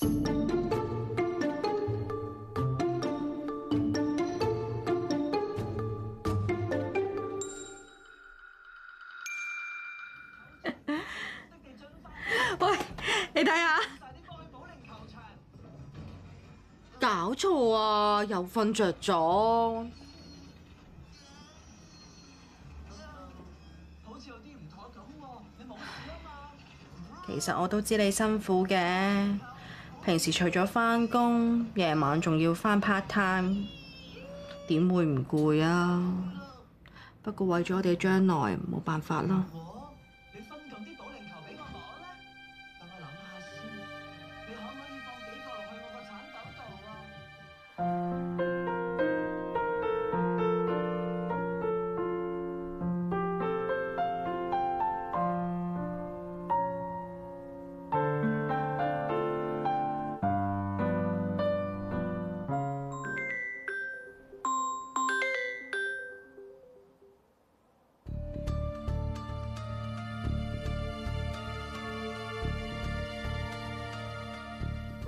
喂，你睇下。搞錯啊！又瞓着咗。好似有啲唔妥噉。你冇事吖嘛？其實我都知你辛苦嘅。平時除咗返工，夜晚仲要返 part time，點會唔攰啊？ 不過為咗我哋嘅將來，冇辦法啦。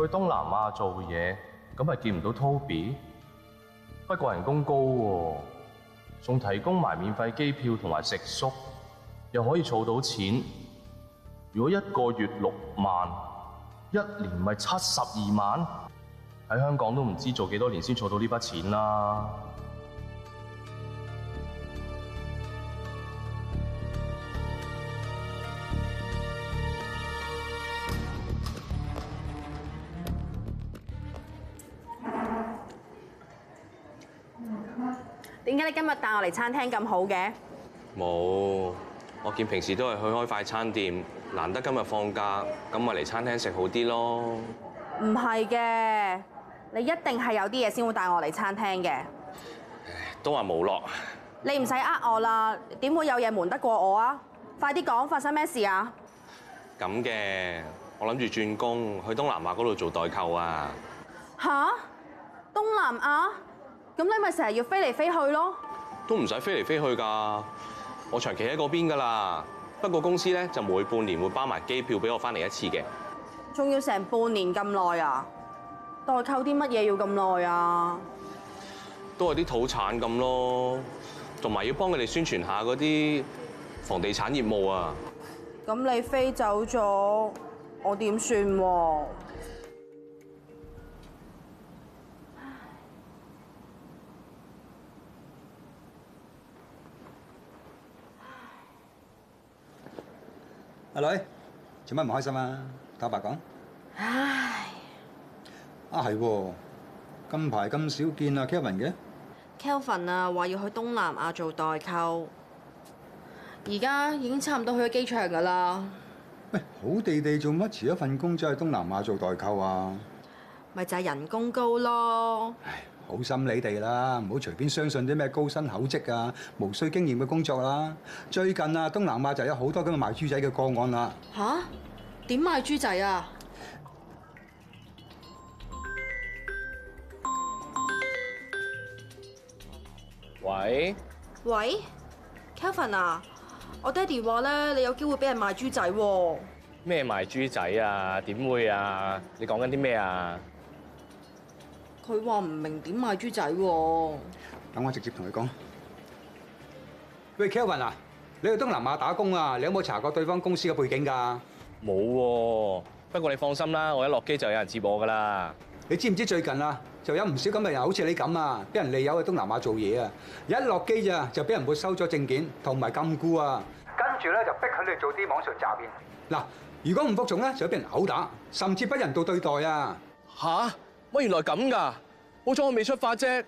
去東南亞做嘢，咁係見唔到 Toby。不過人工高喎、啊，仲提供埋免費機票同埋食宿，又可以儲到錢。如果一個月六萬，一年咪七十二萬。喺香港都唔知做幾多年先儲到呢筆錢啦、啊。點解你今日帶我嚟餐廳咁好嘅？冇，我見平時都係去開快餐店，難得今日放假，咁咪嚟餐廳食好啲咯。唔係嘅，你一定係有啲嘢先會帶我嚟餐廳嘅。都話冇咯。你唔使呃我啦，點會有嘢瞞得過我啊？快啲講發生咩事啊？咁嘅，我諗住轉工，去東南亞嗰度做代購啊。吓？啊？東南亞？咁你咪成日要飛嚟飛去咯？都唔使飛嚟飛去㗎，我長期喺嗰邊㗎啦。不過公司呢就每半年會包埋機票俾我返嚟一次嘅。仲要成半年咁耐啊？代購啲乜嘢要咁耐啊？都係啲土產咁咯，同埋要幫佢哋宣傳下嗰啲房地產業務啊。咁你飛走咗，我點算喎？阿女做乜唔開心啊？坦白講，唉，啊係，近排咁少見啊，Kelvin 嘅 Kelvin 啊，話要去東南亞做代購，而家已經差唔多去咗機場㗎啦。喂，好地地做乜辭一份工走去東南亞做代購啊？咪就係人工高咯。好心你哋啦，唔好隨便相信啲咩高薪厚職啊，無需經驗嘅工作啦。最近啊，東南亞就有好多咁嘅賣豬仔嘅個案啦。吓？點賣豬仔啊？喂喂，Kelvin 啊，我爹哋話咧，你有機會俾人賣豬仔喎。咩賣豬仔啊？點會啊？你講緊啲咩啊？佢話唔明點賣豬仔喎，等我直接同佢講。喂，Kevin 啊，你去東南亞打工啊，你有冇查過對方公司嘅背景㗎？冇喎，不過你放心啦，我一落機就有人接我㗎啦。你知唔知最近啊，就有唔少咁嘅人好似你咁啊，俾人利誘去東南亞做嘢啊，一落機咋就俾人會收咗證件同埋禁錮啊，跟住咧就逼佢哋做啲網上詐騙。嗱，如果唔服從咧，就會俾人毆打，甚至不人道對待啊。嚇！咪原來咁㗎！好彩我未出發啫。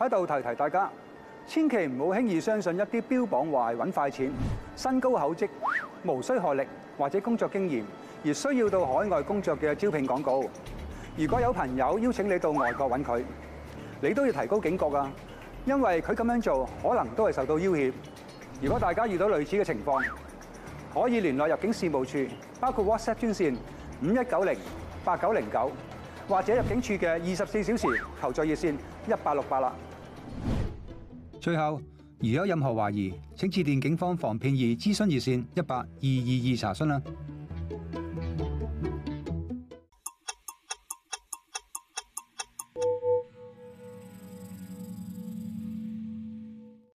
喺度提提大家，千祈唔好輕易相信一啲標榜話揾快錢、高薪厚職、無需學歷或者工作經驗而需要到海外工作嘅招聘廣告。如果有朋友邀請你到外國揾佢，你都要提高警覺㗎！因為佢咁樣做可能都係受到要脅。如果大家遇到類似嘅情況，可以聯絡入境事務處，包括 WhatsApp 專線五一九零八九零九。或者入境處嘅二十四小時求助熱線一八六八啦。最後，如有任何懷疑，請致電警方防騙易諮詢熱線一八二二二查詢啦。